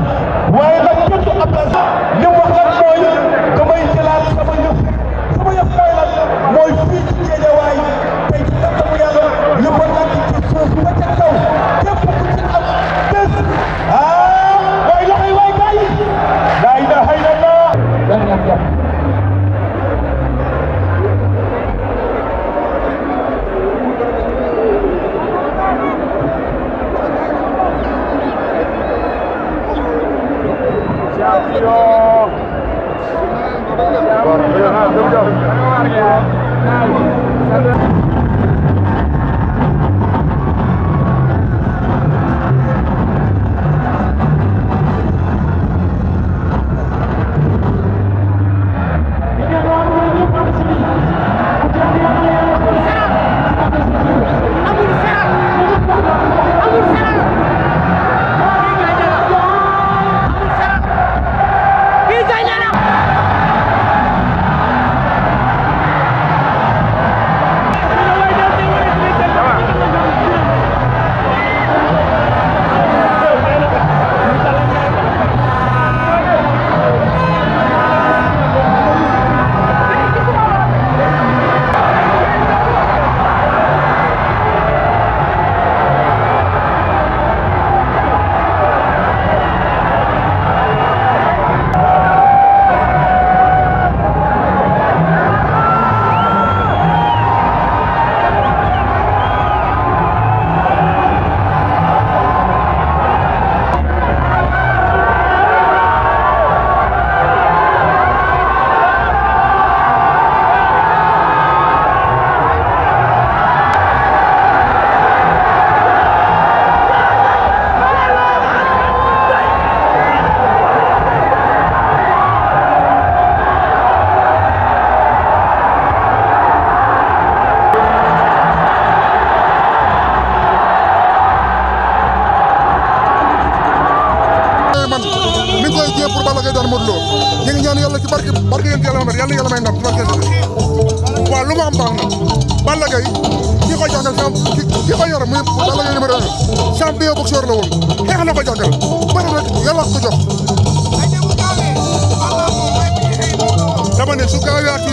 Why the kids of the Hello. supérieur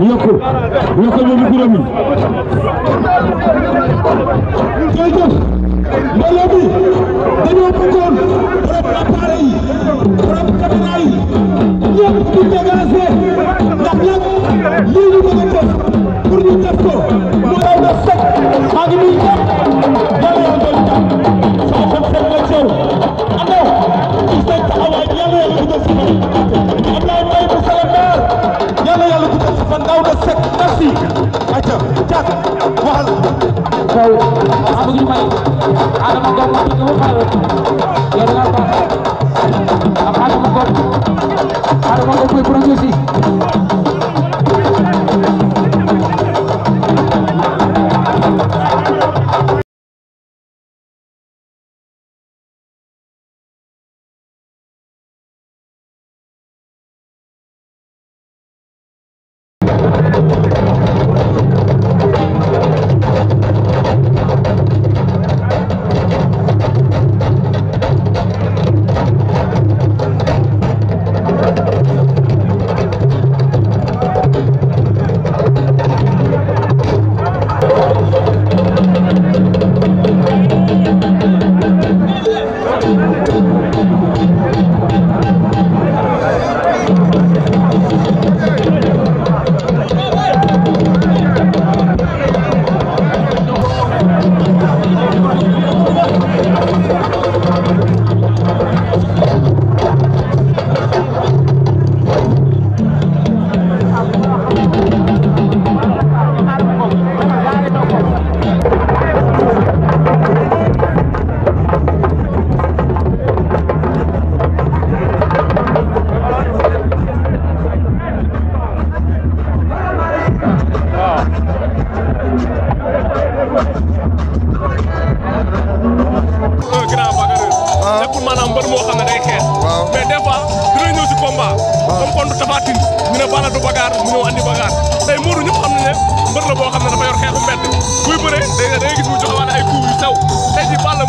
yokku yokku boobu juróomi kau apa gini mai ada mangkok mati kamu mai ya dengan apa ada mangkok ada mangkok kue kurang sih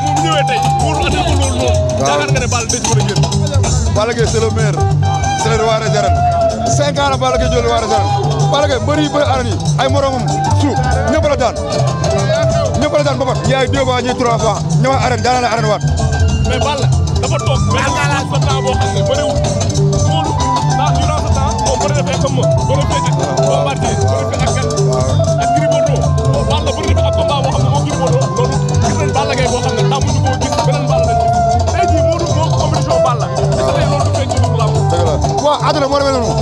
moom ñëwee murni Modou andil ko loolu noonu. waaw jaakaar nga ne Balla dëj wala génn. Balla Gaye c'est le maire c'est le roi des arènes cinq ans la Balla Gaye jël roi des arènes Balla Gaye mbër yi bëri arène yi ay moromam suuf ñëpp la daan ñëpp la daan ba pare. yaay deux fois murni trois fois ñëwaat arène daan na arène waat. mais Balla dafa toog mais am naa sa temps boo xam ne bëriwul loolu dans durant ce temps boo àdduna moo demee noonu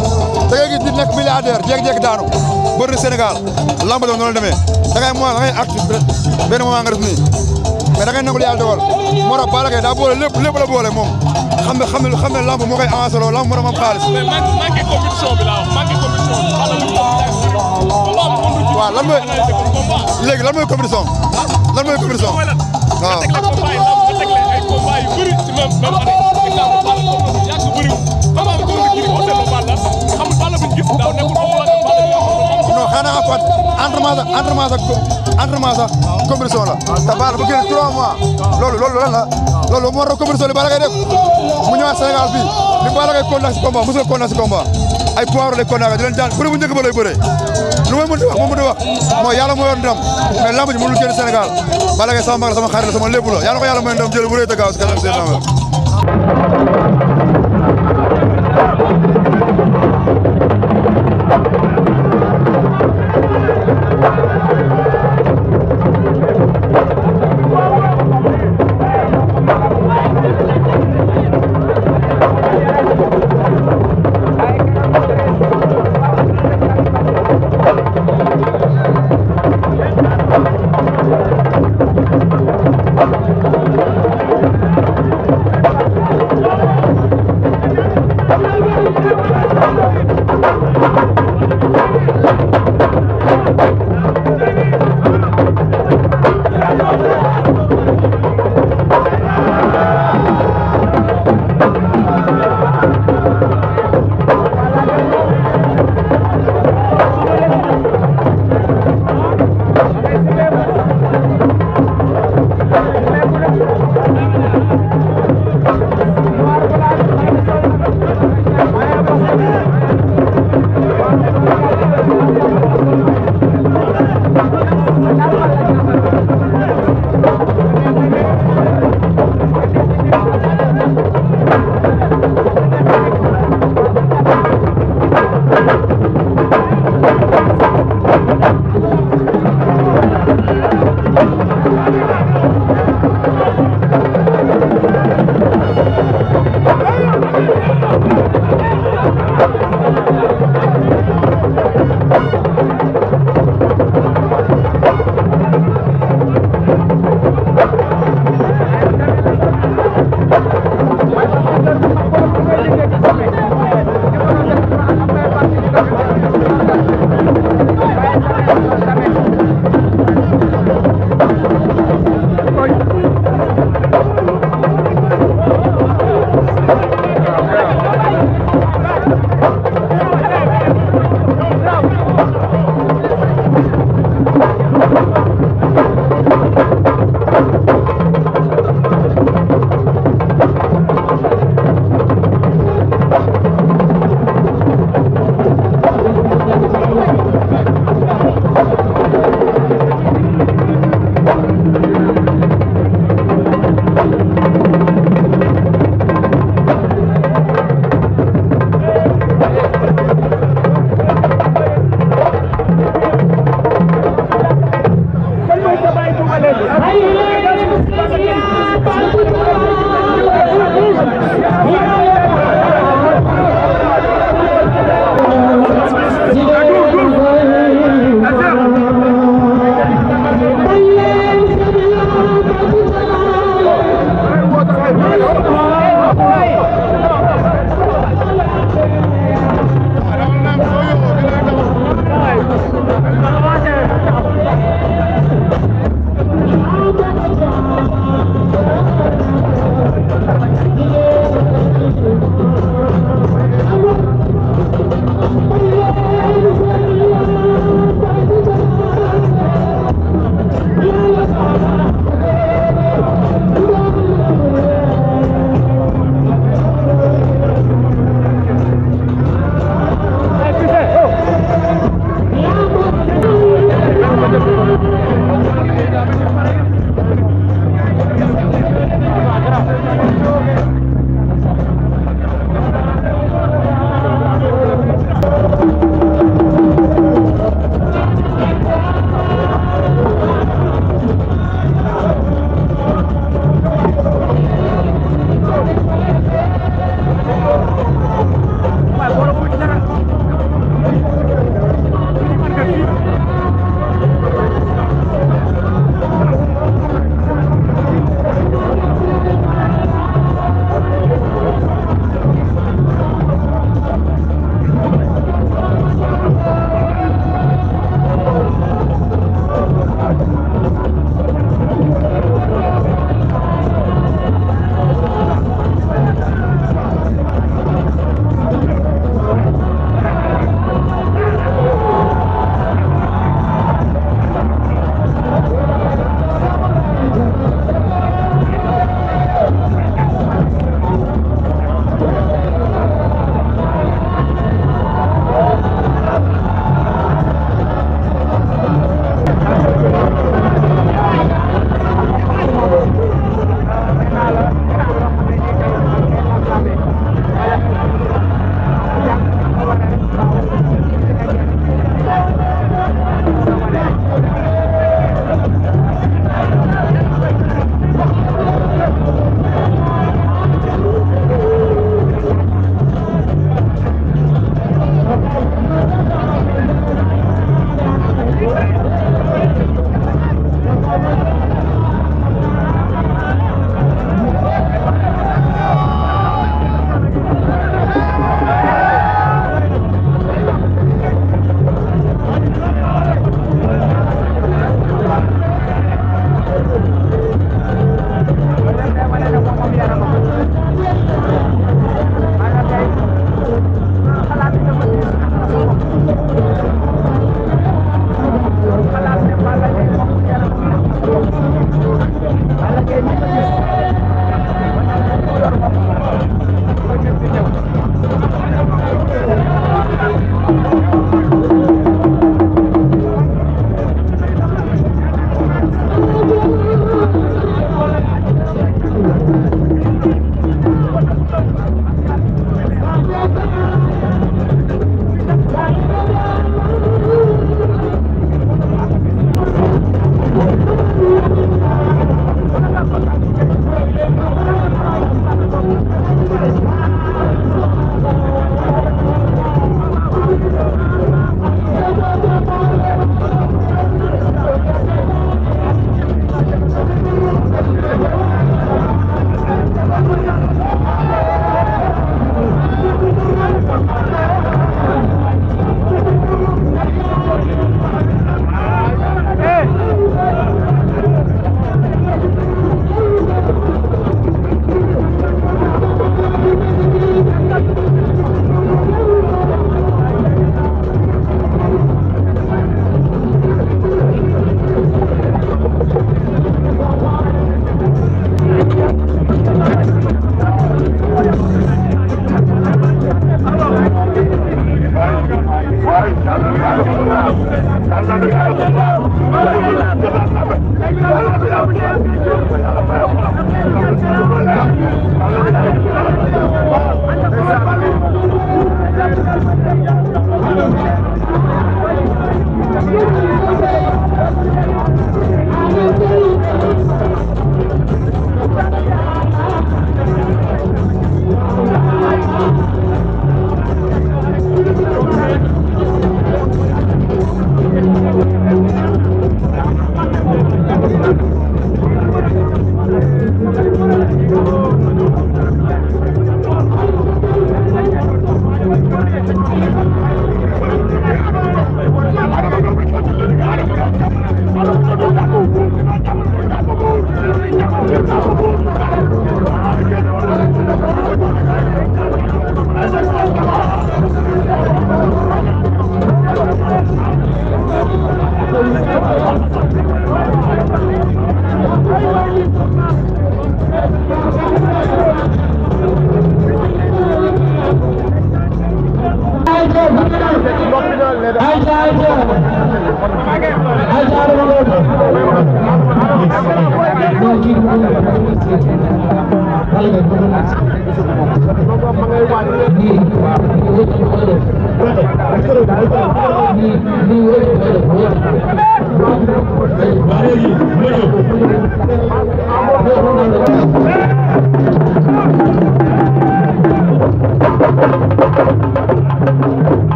da ngay gis nit nekk milliardaire jékki-jékki daanu bëri na Sénégal lamb noonu la demee da ngay moment da ngay acte benn moment nga def nii mais da ngay nangul yàlla dogal moo tax Balla daa boole lépp la boole moom xam ne xam ne xam moo koy avancé loolu moo doon am xaalis. mais manqué compétition bi mooy léegi xanaa kon entraînement sax entraînement sax entraînement sax compétition la te Balla bu génn 3 mois loolu loolu lan la loolu moo tax compétition li Balla Gaye mu ñëwaat Sénégal fii li Balla Gaye kontaan si combat mosul ay poivre lay kontaan di leen daan bëri bu njëkk ba bëree lu may mën di moo yor ndam mais lamb ji mënul génn Sénégal sama mag sama xarit la sama lépp la yàlla ko yàlla mooy ndam jël bu rëy te gaaw